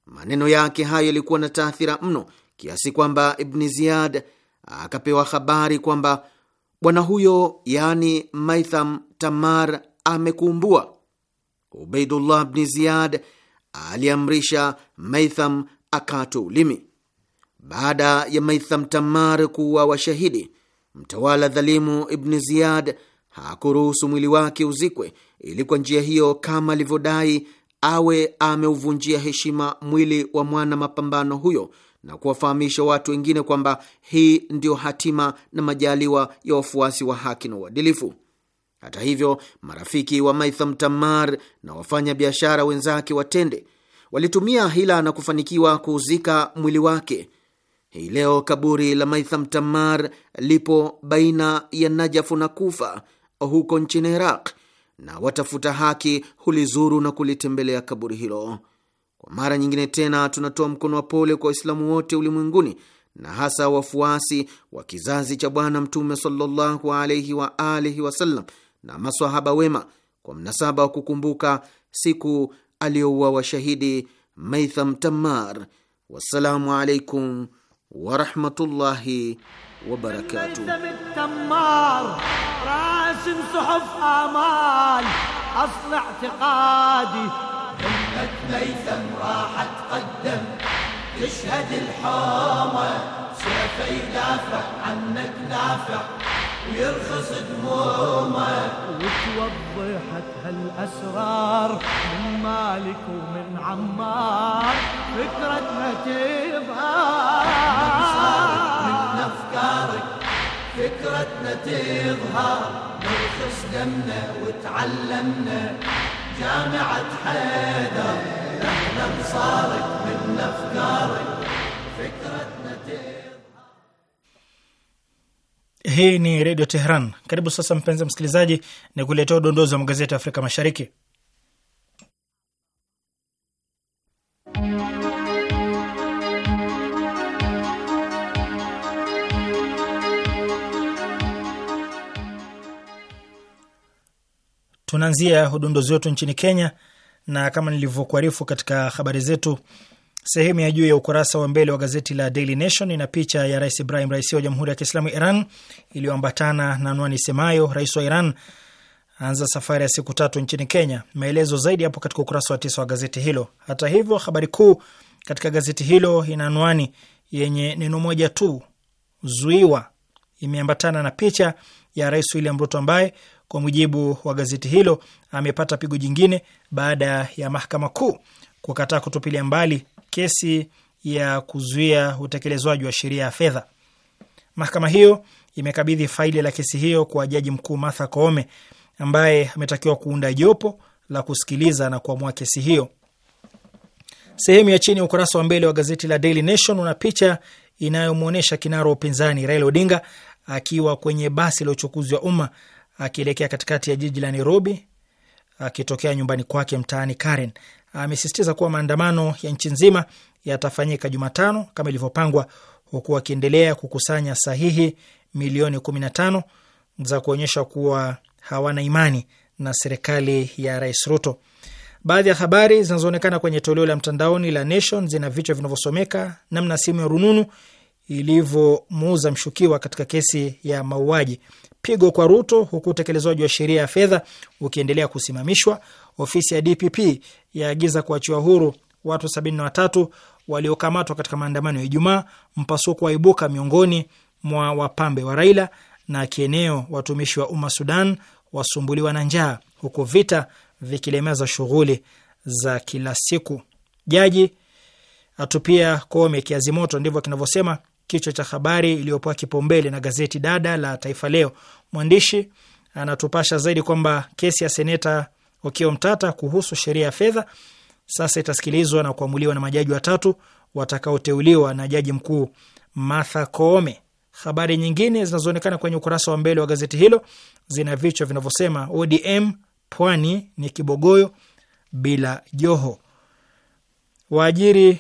Maneno yake hayo yalikuwa na taathira mno kiasi kwamba Ibni Ziyad akapewa habari kwamba bwana huyo, yaani Maitham Tamar, amekumbua. Ubaidullah Bni Ziyad aliamrisha Maitham akatwe ulimi. Baada ya Maitham Tamar kuwa washahidi, mtawala dhalimu Ibni Ziyad hakuruhusu mwili wake uzikwe ili kwa njia hiyo, kama alivyodai, awe ameuvunjia heshima mwili wa mwana mapambano huyo na kuwafahamisha watu wengine kwamba hii ndiyo hatima na majaliwa ya wafuasi wa haki na uadilifu. Hata hivyo, marafiki wa Maitham Tamar na wafanyabiashara wenzake watende walitumia hila na kufanikiwa kuuzika mwili wake. Hii leo kaburi la Maitham Tamar lipo baina ya Najafu na Kufa huko nchini Iraq na watafuta haki hulizuru na kulitembelea kaburi hilo. Kwa mara nyingine tena, tunatoa mkono wa pole kwa Waislamu wote ulimwenguni na hasa wafuasi wa kizazi cha Bwana Mtume sallallahu alaihi wa alihi wasallam na maswahaba wema kwa mnasaba wa kukumbuka siku aliyoua washahidi Maitham Tammar. Wassalamu alaikum warahmatullahi وبركاته التمار راسم صحف آمال أصل اعتقادي أمك ميثم راحت قدم تشهد الحومة سيفه يدافع عنك دافع ويرخص دمومه وتوضحت هالأسرار من مالك ومن عمار فكرتها تظهر فكرتنا تظهر نرخص دمنا وتعلمنا جامعة حيدر احنا انصارك من افكارك Hii ni Redio Tehran. Karibu sasa, mpenzi msikilizaji, ni kuletea udondozi wa magazeti ya Afrika Mashariki. Tunaanzia udondozi wetu nchini Kenya, na kama nilivyokuarifu katika habari zetu, sehemu ya juu ya ukurasa wa mbele wa gazeti la Daily Nation ina picha ya Rais Ibrahim Raisi wa Jamhuri ya Kiislamu Iran iliyoambatana na anwani semayo, rais wa Iran anza safari ya siku tatu nchini Kenya. Maelezo zaidi hapo katika ukurasa wa tisa wa gazeti hilo. Hata hivyo, habari kuu katika gazeti hilo ina anwani yenye neno moja tu, zuiwa, imeambatana na picha ya Rais William Ruto ambaye kwa mujibu wa gazeti hilo, amepata pigo jingine baada ya mahakama kuu kukataa kutupilia mbali kesi ya kuzuia utekelezwaji wa sheria ya fedha. Mahakama hiyo imekabidhi faili la kesi hiyo kwa jaji mkuu Martha Koome ambaye ametakiwa kuunda jopo la kusikiliza na kuamua kesi hiyo. Sehemu ya chini ya ukurasa wa mbele wa gazeti la Daily Nation una picha inayomwonyesha kinara wa upinzani Raila Odinga akiwa kwenye basi la uchukuzi wa umma akielekea katikati ya jiji la Nairobi akitokea nyumbani kwake mtaani Karen. Amesisitiza kuwa maandamano ya nchi nzima yatafanyika Jumatano kama ilivyopangwa, huku akiendelea kukusanya sahihi milioni 15 za kuonyesha kuwa hawana imani na serikali ya Rais Ruto. Baadhi ya habari zinazoonekana kwenye toleo la mtandaoni la Nation zina vichwa vinavyosomeka namna simu ya rununu ilivyomuuza mshukiwa katika kesi ya mauaji, pigo kwa Ruto, huku utekelezwaji wa sheria ya fedha ukiendelea kusimamishwa. Ofisi ya DPP yaagiza kuachiwa huru watu sabini na watatu waliokamatwa katika maandamano ya Ijumaa. Mpasuko waibuka miongoni mwa wapambe wa Raila na kieneo. Watumishi wa umma Sudan wasumbuliwa na njaa, huku vita vikilemeza shughuli za kila siku. Jaji atupia kome kiazimoto, ndivyo kinavyosema kichwa cha habari iliyopewa kipaumbele na gazeti dada la Taifa Leo. Mwandishi anatupasha zaidi kwamba kesi ya seneta Okio Mtata kuhusu sheria ya fedha sasa itasikilizwa na kuamuliwa na majaji watatu watakaoteuliwa na jaji mkuu Martha Koome. Habari nyingine zinazoonekana kwenye ukurasa wa mbele wa gazeti hilo zina vichwa vinavyosema ODM pwani ni kibogoyo bila Joho, waajiri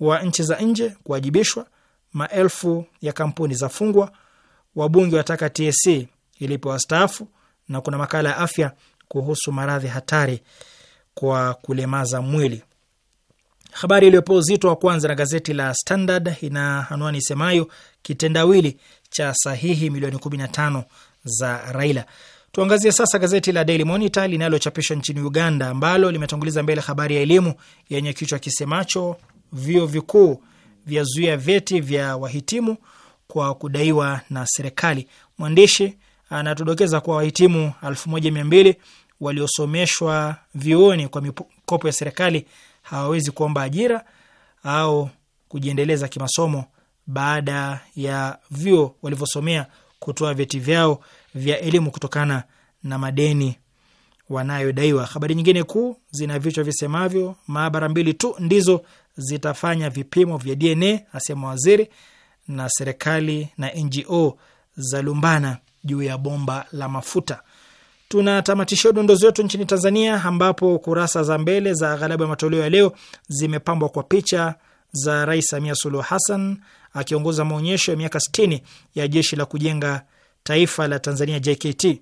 wa nchi za nje kuwajibishwa, maelfu ya kampuni za fungwa, wabunge wataka TSC ilipo wastaafu, na kuna makala ya afya kuhusu maradhi hatari kwa kulemaza mwili. Habari iliyopewa uzito wa kwanza na gazeti la Standard ina anwani isemayo kitendawili cha sahihi milioni 15 za Raila. Tuangazie sasa gazeti la Daily Monitor linalochapishwa nchini Uganda, ambalo limetanguliza mbele habari ya elimu yenye kichwa kisemacho vyuo vikuu vyazuia vyeti vya wahitimu kwa kudaiwa na serikali. Mwandishi anatudokeza kuwa wahitimu elfu moja mia mbili waliosomeshwa vioni kwa mikopo ya serikali hawawezi kuomba ajira au kujiendeleza kimasomo baada ya vyuo walivyosomea kutoa vyeti vyao vya elimu kutokana na madeni wanayodaiwa. Habari nyingine kuu zina vichwa visemavyo: maabara mbili tu ndizo zitafanya vipimo vya DNA, asema waziri, na serikali na NGO za lumbana juu ya bomba la mafuta. Tunatamatishia udondozi wetu nchini Tanzania, ambapo kurasa za mbele za aghalabu ya matoleo ya leo zimepambwa kwa picha za Rais Samia Suluhu Hassan akiongoza maonyesho ya miaka 60 ya jeshi la kujenga taifa la Tanzania, JKT.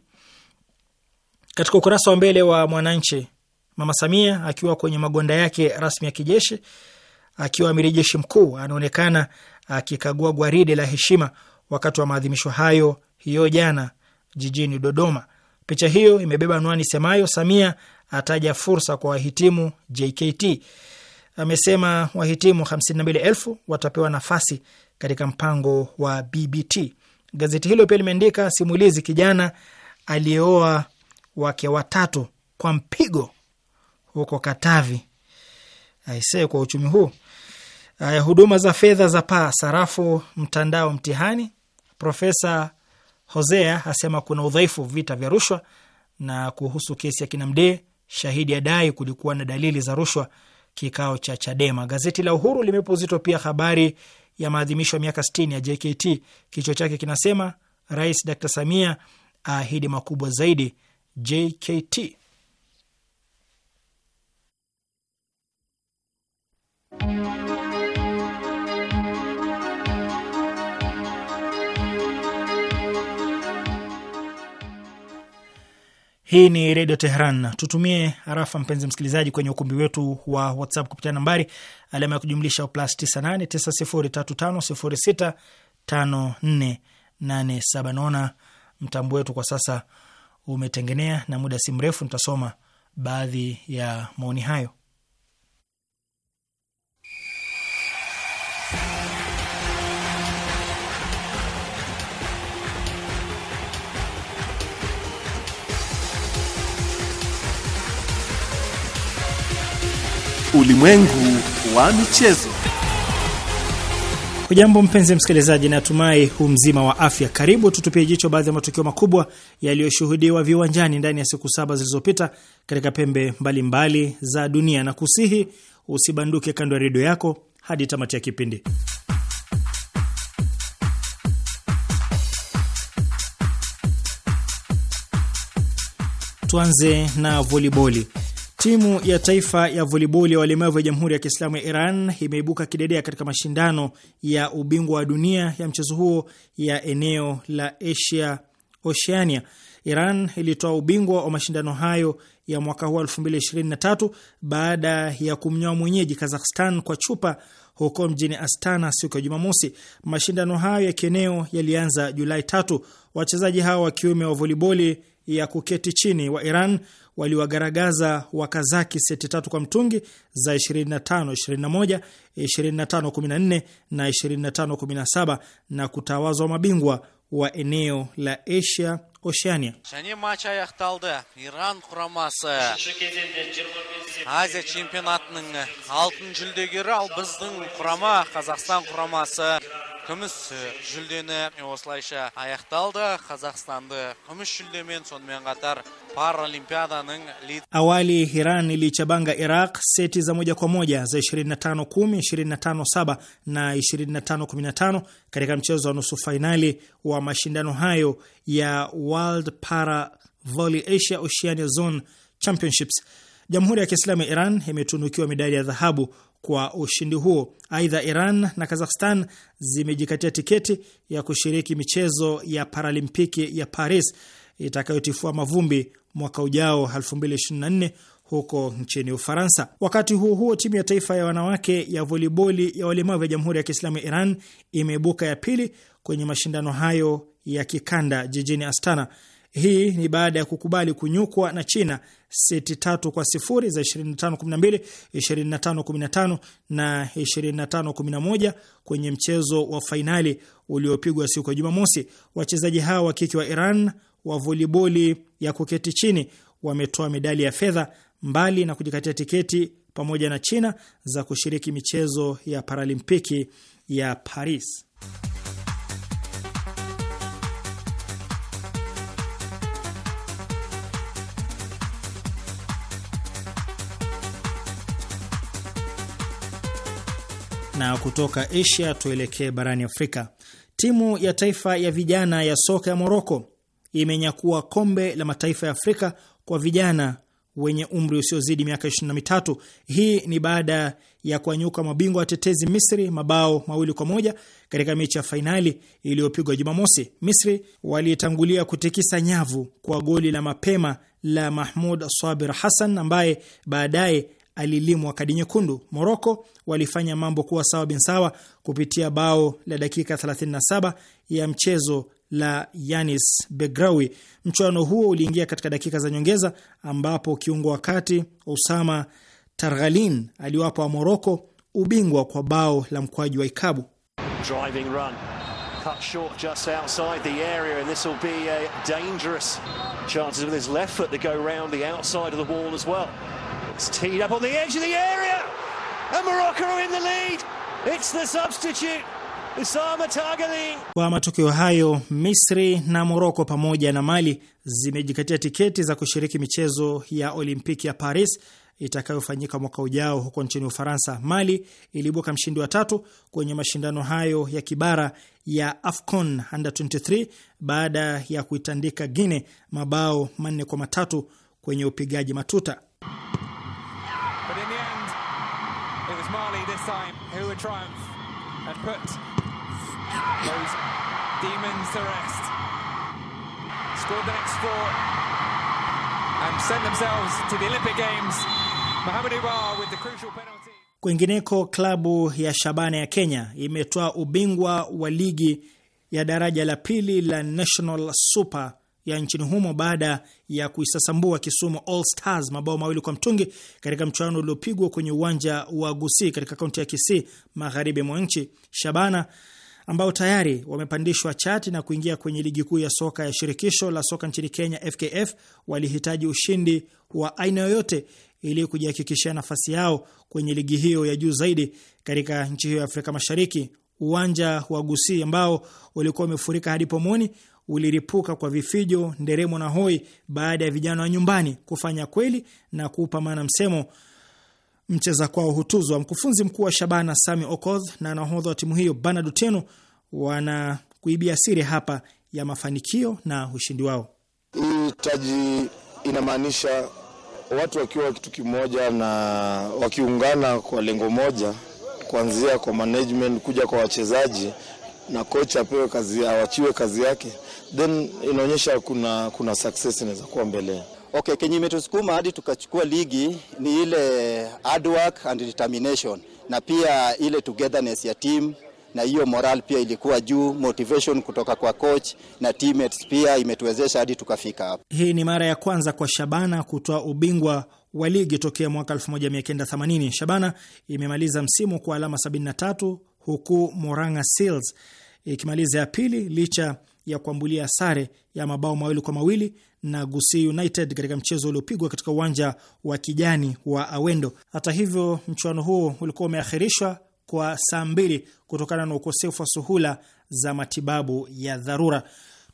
Katika ukurasa wa mbele wa Mwananchi, Mama Samia akiwa kwenye magonda yake rasmi ya kijeshi akiwa amiri jeshi mkuu anaonekana akikagua gwaride la heshima wakati wa maadhimisho hayo hiyo jana jijini Dodoma. Picha hiyo imebeba anwani semayo, Samia ataja fursa kwa wahitimu JKT. Amesema wahitimu 52,000 watapewa nafasi katika mpango wa BBT. Gazeti hilo pia limeandika simulizi kijana aliyeoa wake watatu kwa mpigo huko Katavi aisee kwa uchumi huu. Uh, huduma za fedha za paa sarafu mtandao mtihani. Profesa Hosea asema kuna udhaifu vita vya rushwa, na kuhusu kesi ya Kinamdee shahidi adai kulikuwa na dalili za rushwa kikao cha Chadema. Gazeti la Uhuru limepa uzito pia habari ya maadhimisho ya miaka 60 ya JKT. Kichwa chake kinasema Rais Dr Samia ahidi makubwa zaidi JKT. Hii ni Redio Tehran. Tutumie arafa mpenzi msikilizaji, kwenye ukumbi wetu wa WhatsApp kupitia nambari alama ya kujumlisha plus 989035065487. Naona mtambo wetu kwa sasa umetengenea, na muda si mrefu nitasoma baadhi ya maoni hayo. Ulimwengu wa michezo. Hujambo mpenzi msikilizaji, natumai hu mzima wa afya. Karibu tutupie jicho baadhi ya matukio makubwa yaliyoshuhudiwa viwanjani ndani ya siku saba zilizopita katika pembe mbalimbali mbali za dunia, na kusihi usibanduke kando ya redio yako hadi tamati ya kipindi. Tuanze na voliboli. Timu ya taifa ya voliboli ya walemavu ya Jamhuri ya Kiislamu ya Iran imeibuka kidedea katika mashindano ya ubingwa wa dunia ya mchezo huo ya eneo la Asia Oceania. Iran ilitoa ubingwa wa mashindano hayo ya mwaka huu 2023 baada ya kumnyoa mwenyeji Kazakhstan kwa chupa huko mjini Astana siku ya Jumamosi. Mashindano hayo ya kieneo yalianza Julai tatu. Wachezaji hao wa kiume wa voliboli ya kuketi chini wa Iran waliwagaragaza Wakazaki seti tatu kwa mtungi za 25 21 25 14 na 25 17 na kutawazwa mabingwa wa eneo la Asia Oceania. Және матч аяқталды. Иран құрамасы Азия чемпионатының алтын жүлдегері, ал біздің құрама Қазақстан құрамасы күміс э, жүлдені осылайша аяқталды қазақстанды күміс жүлдемен сонымен қатар паралимпиаданың awali iran iliichabanga iraq seti za moja kwa moja za 25 10 25 7 na 25 15 katika mchezo wa nusu fainali wa mashindano hayo ya world para volley asia oceania zone championships jamhuri ya kiislamu ya iran imetunukiwa medali ya dhahabu kwa ushindi huo. Aidha, Iran na Kazakhstan zimejikatia tiketi ya kushiriki michezo ya paralimpiki ya Paris itakayotifua mavumbi mwaka ujao 2024 huko nchini Ufaransa. Wakati huo huo, timu ya taifa ya wanawake ya voliboli ya walemavu ya Jamhuri ya Kiislamu ya Iran imeibuka ya pili kwenye mashindano hayo ya kikanda jijini Astana hii ni baada ya kukubali kunyukwa na China seti tatu kwa sifuri za 25-12, 25-15 na 25-11 kwenye mchezo wa fainali uliopigwa siku ya Jumamosi. Wachezaji hawa wa kike wa Iran wa voliboli ya kuketi chini wametoa medali ya fedha mbali na kujikatia tiketi pamoja na China za kushiriki michezo ya Paralimpiki ya Paris. na kutoka Asia tuelekee barani Afrika. Timu ya taifa ya vijana ya soka ya Moroko imenyakua kombe la mataifa ya Afrika kwa vijana wenye umri usiozidi miaka 23. Hii ni baada ya kuanyuka mabingwa watetezi Misri mabao mawili kwa moja katika mechi ya fainali iliyopigwa Jumamosi. Misri walitangulia kutikisa nyavu kwa goli la mapema la Mahmud Swabir Hassan ambaye baadaye alilimwa kadi nyekundu. Moroko walifanya mambo kuwa sawa bin sawa kupitia bao la dakika 37 ya mchezo la Yanis Begrawi. Mchuano huo uliingia katika dakika za nyongeza, ambapo kiungo wa kati Osama Targhalin aliwapa wa Moroko ubingwa kwa bao la mkwaji wa ikabu. Well. It's teed up on the edge of the area. And Morocco are in the lead. It's the substitute. Kwa matokeo hayo, Misri na Moroko pamoja na Mali zimejikatia tiketi za kushiriki michezo ya Olimpiki ya Paris itakayofanyika mwaka ujao huko nchini Ufaransa. Mali iliibuka mshindi wa tatu kwenye mashindano hayo ya kibara ya AFCON Under 23 baada ya kuitandika Guinea mabao manne kwa matatu kwenye upigaji matuta. this time who would triumph and put those demons to rest. Scored the next four and sent themselves to the Olympic Games. Mohamed Ibar with the crucial penalty. Kwingineko, klabu ya Shabana ya Kenya imetoa ubingwa wa ligi ya daraja la pili la National Super ya nchini humo baada ya kuisasambua Kisumu All Stars mabao mawili kwa mtungi katika mchuano uliopigwa kwenye uwanja wa Gusii katika kaunti ya Kisii, magharibi mwa nchi. Shabana ambao tayari wamepandishwa chati na kuingia kwenye ligi kuu ya soka ya shirikisho la soka nchini Kenya, FKF, walihitaji ushindi wa aina yoyote ili kujihakikishia nafasi yao kwenye ligi hiyo ya juu zaidi katika nchi hiyo ya Afrika Mashariki. Uwanja wa Gusii ambao ulikuwa umefurika hadi pomoni uliripuka kwa vifijo, nderemo na hoi baada ya vijana wa nyumbani kufanya kweli na kuupa maana msemo mcheza kwao hutuzwa. Mkufunzi mkuu wa Shabana Sami Okoth na nahodha wa timu hiyo Bernard Uteno wana kuibia siri hapa ya mafanikio na ushindi wao. Hii taji inamaanisha watu wakiwa kitu kimoja na wakiungana kwa lengo moja, kuanzia kwa management kuja kwa wachezaji na kocha apewe kazi, awachiwe kazi yake then inaonyesha kuna, kuna success inaweza kuwa mbele. Okay, kenye imetusukuma hadi tukachukua ligi ni ile hard work and determination na pia ile togetherness ya team na hiyo moral pia ilikuwa juu, motivation kutoka kwa coach na teammates pia imetuwezesha hadi tukafika hapa. Hii ni mara ya kwanza kwa Shabana kutoa ubingwa wa ligi tokea mwaka 1980. Shabana imemaliza msimu kwa alama 73 huku Moranga Seals ikimaliza ya pili licha ya kuambulia sare ya mabao mawili kwa mawili na Gusii United katika mchezo uliopigwa katika uwanja wa kijani wa Awendo. Hata hivyo, mchuano huo ulikuwa umeakhirishwa kwa saa mbili kutokana na ukosefu wa suhula za matibabu ya dharura.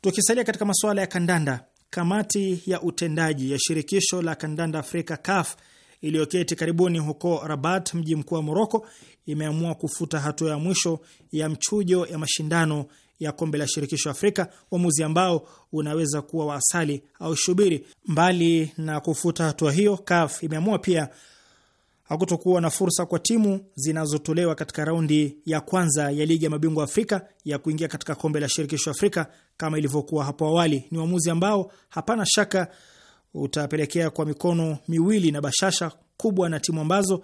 Tukisalia katika masuala ya kandanda, kamati ya utendaji ya shirikisho la kandanda Afrika CAF iliyoketi karibuni huko Rabat, mji mkuu wa Moroko, imeamua kufuta hatua ya mwisho ya mchujo ya mashindano ya kombe la shirikisho Afrika, uamuzi ambao unaweza kuwa wa asali au shubiri. Mbali na kufuta hatua hiyo, CAF imeamua pia hakutokuwa na fursa kwa timu zinazotolewa katika raundi ya kwanza ya ligi ya mabingwa Afrika ya kuingia katika kombe la shirikisho Afrika kama ilivyokuwa hapo awali. Ni uamuzi ambao hapana shaka utapelekea kwa mikono miwili na bashasha kubwa na timu ambazo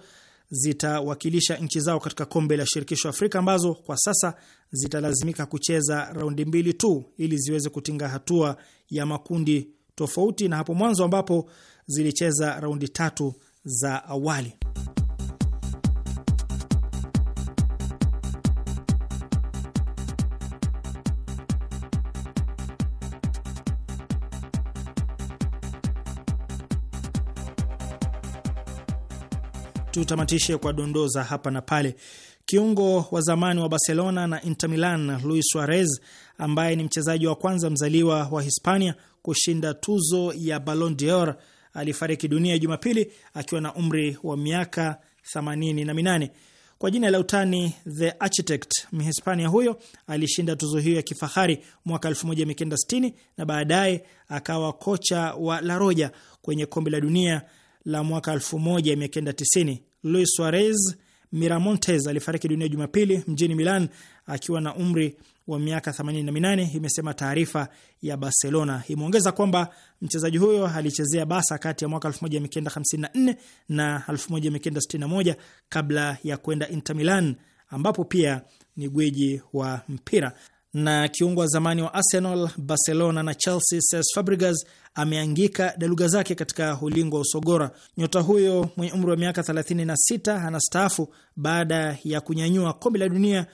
zitawakilisha nchi zao katika kombe la shirikisho Afrika ambazo kwa sasa zitalazimika kucheza raundi mbili tu ili ziweze kutinga hatua ya makundi tofauti na hapo mwanzo ambapo zilicheza raundi tatu za awali. Tutamatishe kwa dondoza hapa na pale. Kiungo wa zamani wa Barcelona na Inter Milan Luis Suarez, ambaye ni mchezaji wa kwanza mzaliwa wa Hispania kushinda tuzo ya Ballon d'Or, alifariki dunia Jumapili akiwa na umri wa miaka 88. Kwa jina la utani The Architect, Mhispania huyo alishinda tuzo hiyo ya kifahari mwaka 1960 na baadaye akawa kocha wa La Roja kwenye kombe la dunia la mwaka 1990. Luis Suarez Miramontes alifariki dunia Jumapili mjini Milan akiwa na umri wa miaka 88, imesema taarifa ya Barcelona. Imeongeza kwamba mchezaji huyo alichezea Basa kati ya mwaka 1954 na 1961 kabla ya kwenda Inter Milan ambapo pia ni gweji wa mpira na kiungo wa zamani wa Arsenal, Barcelona na Chelsea Cesc Fabregas ameangika daluga zake katika ulingo wa usogora. Nyota huyo mwenye umri wa miaka 36 anastaafu baada ya kunyanyua kombe la dunia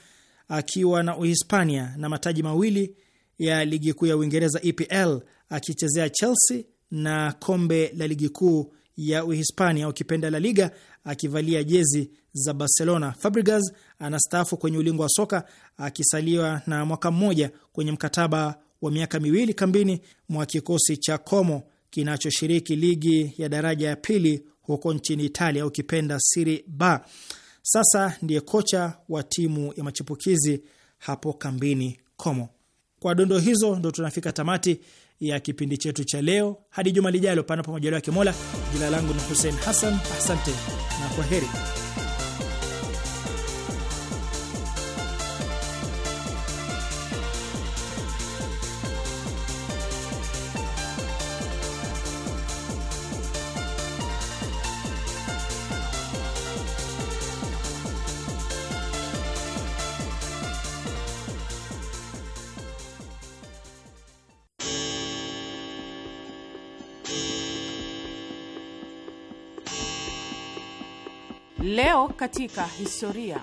akiwa na Uhispania na mataji mawili ya ligi kuu ya Uingereza EPL akichezea Chelsea na kombe la ligi kuu ya Uhispania ukipenda La Liga akivalia jezi za Barcelona. Fabregas anastaafu kwenye ulingo wa soka akisaliwa na mwaka mmoja kwenye mkataba wa miaka miwili kambini mwa kikosi cha Como kinachoshiriki ligi ya daraja ya pili huko nchini Italia, ukipenda Serie B. Sasa ndiye kocha wa timu ya machipukizi hapo kambini Como. Kwa dondo hizo ndo tunafika tamati ya kipindi chetu cha leo. Hadi juma lijalo, panapo majaliwa ya Kimola. Jina langu ni Hussein Hassan, asante na kwa heri. Leo katika historia.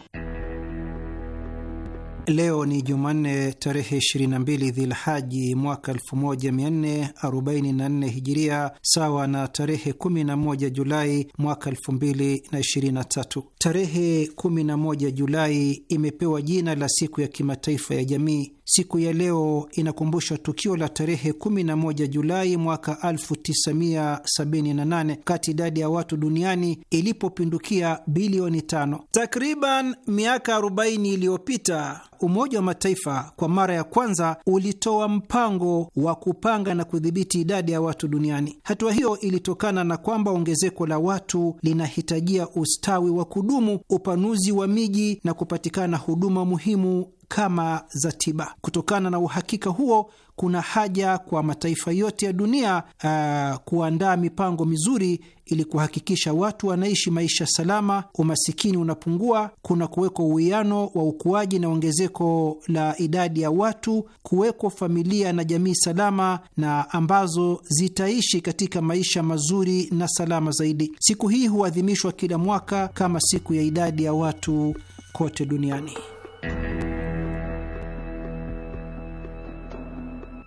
Leo ni Jumanne tarehe 22 Dhilhaji mwaka 1444 Hijiria, sawa na tarehe 11 Julai mwaka 2023. Tarehe 11 Julai imepewa jina la siku ya kimataifa ya jamii. Siku ya leo inakumbusha tukio la tarehe 11 Julai mwaka 1978 kati idadi ya watu duniani ilipopindukia bilioni tano. Takriban miaka 40 iliyopita, Umoja wa Mataifa kwa mara ya kwanza ulitoa mpango wa kupanga na kudhibiti idadi ya watu duniani. Hatua hiyo ilitokana na kwamba ongezeko la watu linahitajia ustawi wa kudumu, upanuzi wa miji na kupatikana huduma muhimu kama za tiba. Kutokana na uhakika huo, kuna haja kwa mataifa yote ya dunia uh, kuandaa mipango mizuri ili kuhakikisha watu wanaishi maisha salama, umasikini unapungua, kuna kuwekwa uwiano wa ukuaji na ongezeko la idadi ya watu, kuwekwa familia na jamii salama na ambazo zitaishi katika maisha mazuri na salama zaidi. Siku hii huadhimishwa kila mwaka kama siku ya idadi ya watu kote duniani.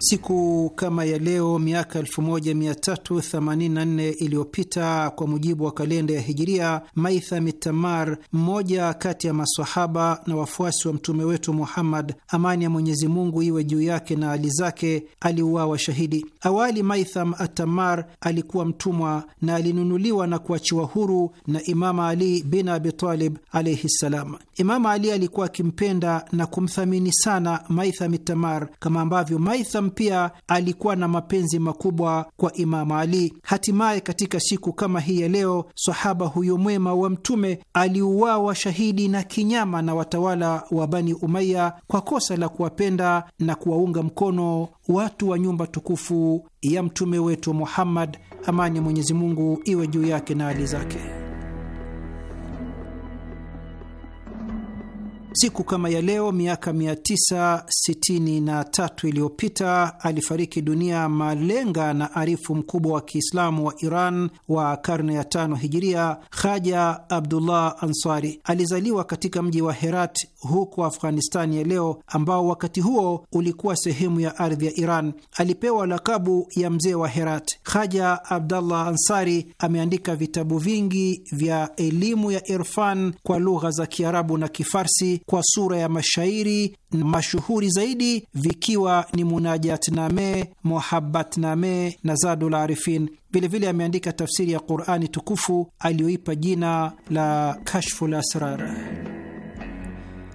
Siku kama ya leo miaka 1384 iliyopita kwa mujibu wa kalenda ya Hijiria, Maitha Mitamar, mmoja kati ya masahaba na wafuasi wa mtume wetu Muhammad, amani ya Mwenyezi Mungu iwe juu yake na ali zake, aliuawa shahidi. Awali Maitham Atamar alikuwa mtumwa na alinunuliwa na kuachiwa huru na Imama Ali bin Abitalib alaihi ssalam. Imama Ali alikuwa akimpenda na kumthamini sana Maitham Tamar kama ambavyo Maitham pia alikuwa na mapenzi makubwa kwa Imamu Ali. Hatimaye katika siku kama hii ya leo, sahaba huyo mwema wa Mtume aliuawa shahidi na kinyama na watawala wa Bani Umaya kwa kosa la kuwapenda na kuwaunga mkono watu wa nyumba tukufu ya mtume wetu Muhammad, amani ya Mwenyezi Mungu iwe juu yake na hali zake. Siku kama ya leo miaka 963 iliyopita alifariki dunia malenga na arifu mkubwa wa Kiislamu wa Iran wa karne ya tano hijiria, Haja Abdullah Ansari. Alizaliwa katika mji wa Herat huko Afghanistani ya leo, ambao wakati huo ulikuwa sehemu ya ardhi ya Iran. Alipewa lakabu ya mzee wa Herat. Haja Abdallah Ansari ameandika vitabu vingi vya elimu ya irfan kwa lugha za Kiarabu na Kifarsi kwa sura ya mashairi mashuhuri zaidi vikiwa ni munajat Munajatname, Name na Zadul Arifin. Vilevile ameandika tafsiri ya Qurani tukufu aliyoipa jina la Kashful Asrar.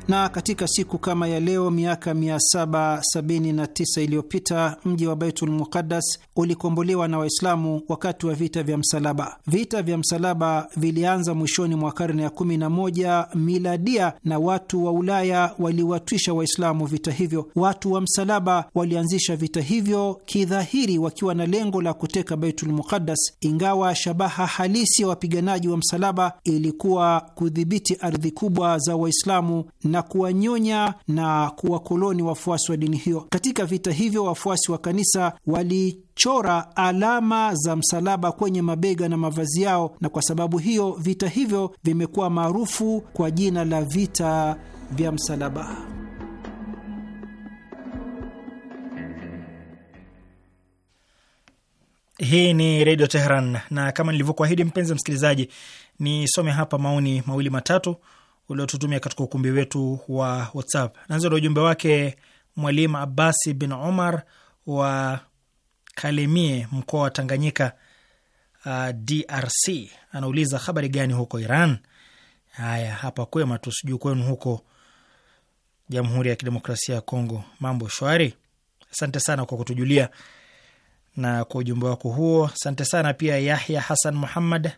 Na katika siku kama ya leo miaka 779 iliyopita mji wa Baitul Muqaddas ulikombolewa na Waislamu wakati wa vita vya msalaba. Vita vya msalaba vilianza mwishoni mwa karne ya 11 miladia, na watu wa Ulaya waliwatwisha Waislamu vita hivyo. Watu wa msalaba walianzisha vita hivyo kidhahiri, wakiwa na lengo la kuteka Baitul Muqaddas, ingawa shabaha halisi ya wapiganaji wa msalaba ilikuwa kudhibiti ardhi kubwa za Waislamu na kuwanyonya na kuwakoloni wafuasi wa dini hiyo. Katika vita hivyo, wafuasi wa kanisa walichora alama za msalaba kwenye mabega na mavazi yao, na kwa sababu hiyo vita hivyo vimekuwa maarufu kwa jina la vita vya msalaba. Hii ni Redio Teheran, na kama nilivyokuahidi, mpenzi msikilizaji, nisome hapa maoni mawili matatu uliotutumia katika ukumbi wetu wa WhatsApp. Naanza na ujumbe wake Mwalimu Abasi bin Omar wa Kalemie, mkoa wa Tanganyika, uh, DRC. Anauliza, habari gani huko Iran? Haya, hapa kwema tu, sijui kwenu huko Jamhuri ya Kidemokrasia ya Kongo mambo shwari? Asante sana kwa kutujulia na kwa ujumbe wako huo. Asante sana pia Yahya Hasan Muhammad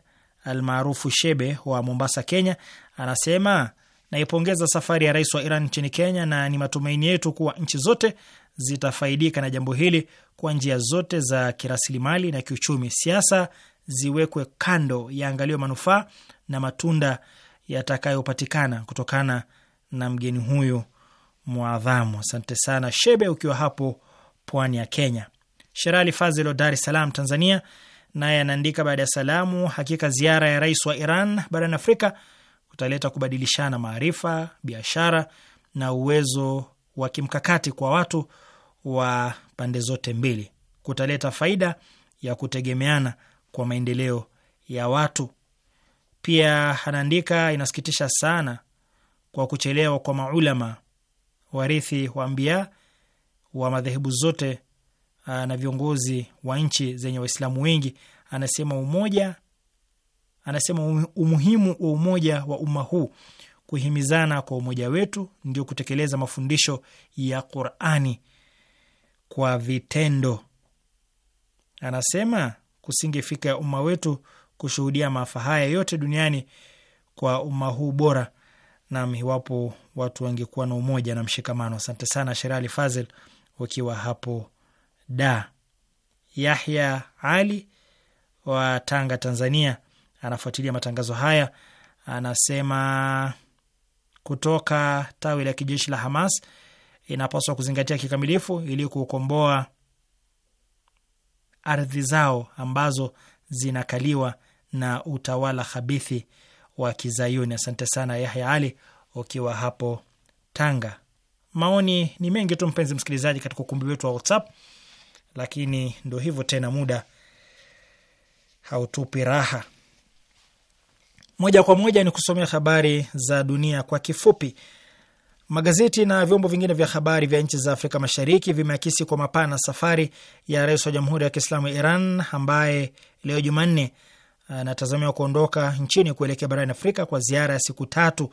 almaarufu Shebe wa Mombasa, Kenya, Anasema naipongeza safari ya rais wa Iran nchini Kenya na ni matumaini yetu kuwa nchi zote zitafaidika na jambo hili kwa njia zote za kirasilimali na kiuchumi. Siasa ziwekwe kando, yaangaliwe manufaa na matunda yatakayopatikana kutokana na mgeni huyu mwadhamu. Asante sana Shebe, ukiwa hapo pwani ya Kenya. Sherali Fazil wa Dar es Salaam, Tanzania, naye anaandika baada ya salamu, hakika ziara ya rais wa Iran barani Afrika utaleta kubadilishana maarifa, biashara na uwezo wa kimkakati kwa watu wa pande zote mbili. Kutaleta faida ya kutegemeana kwa maendeleo ya watu. Pia anaandika, inasikitisha sana kwa kuchelewa kwa maulama, warithi wa mbia wa madhehebu zote na viongozi wa nchi zenye Waislamu wengi. Anasema umoja anasema umuhimu wa umoja wa umma huu, kuhimizana kwa umoja wetu ndio kutekeleza mafundisho ya Qurani kwa vitendo. Anasema kusingefika umma wetu kushuhudia maafa haya yote duniani kwa umma huu bora nam iwapo watu wangekuwa na umoja na mshikamano. Asante sana Sherali Fazel wakiwa hapo da. Yahya Ali wa Tanga, Tanzania anafuatilia matangazo haya, anasema kutoka tawi la kijeshi la Hamas inapaswa kuzingatia kikamilifu ili kukomboa ardhi zao ambazo zinakaliwa na utawala habithi wa Kizayuni. Asante sana Yahya Ali ukiwa hapo Tanga. Maoni ni mengi tu, mpenzi msikilizaji, katika ukumbi wetu wa WhatsApp, lakini ndo hivyo tena, muda hautupi raha. Moja kwa moja ni kusomea habari za dunia kwa kifupi. Magazeti na vyombo vingine vya habari vya nchi za Afrika Mashariki vimeakisi kwa mapana safari ya rais wa Jamhuri ya Kiislamu ya Iran ambaye leo Jumanne anatazamiwa kuondoka nchini kuelekea barani Afrika kwa ziara ya siku tatu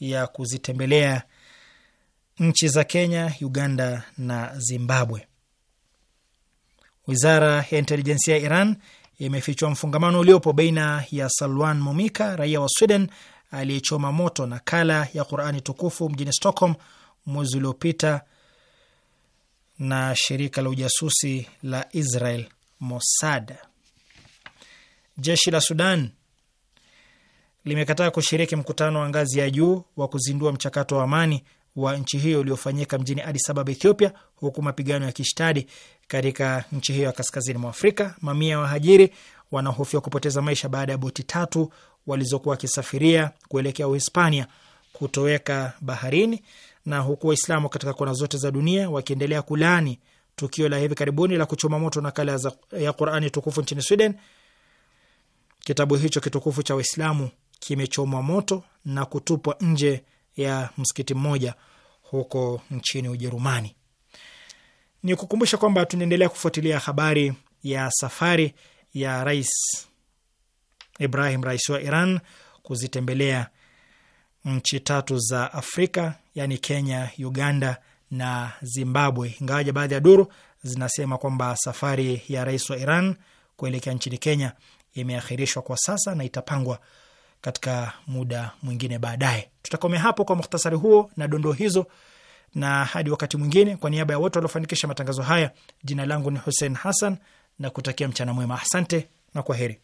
ya kuzitembelea nchi za Kenya, Uganda na Zimbabwe. Wizara ya intelijensia ya Iran imefichua mfungamano uliopo baina ya Salwan Momika, raia wa Sweden aliyechoma moto nakala ya Qurani tukufu mjini Stockholm mwezi uliopita na shirika la ujasusi la Israel Mossad. Jeshi la Sudan limekataa kushiriki mkutano wa ngazi ya juu wa kuzindua mchakato wa amani wa nchi hiyo uliofanyika mjini Addis Ababa, Ethiopia, huku mapigano ya kishtadi katika nchi hiyo ya kaskazini mwa Afrika. Mamia ya wahajiri wanaohofiwa kupoteza maisha baada ya boti tatu walizokuwa wakisafiria kuelekea Uhispania kutoweka baharini, na huku Waislamu katika kona zote za dunia wakiendelea kulaani tukio la hivi karibuni la kuchoma moto nakala ya Qurani tukufu nchini Sweden. Kitabu hicho kitukufu cha Waislamu kimechomwa moto na kutupwa nje ya msikiti mmoja huko nchini Ujerumani. Ni kukumbusha kwamba tunaendelea kufuatilia habari ya safari ya Rais Ibrahim Raisi wa Iran kuzitembelea nchi tatu za Afrika, yaani Kenya, Uganda na Zimbabwe, ingawaja baadhi ya duru zinasema kwamba safari ya rais wa Iran kuelekea nchini Kenya imeahirishwa kwa sasa na itapangwa katika muda mwingine baadaye. Tutakomea hapo kwa muhtasari huo na dondoo hizo, na hadi wakati mwingine, kwa niaba ya wote waliofanikisha matangazo haya, jina langu ni Hussein Hassan na kutakia mchana mwema. Asante na kwa heri.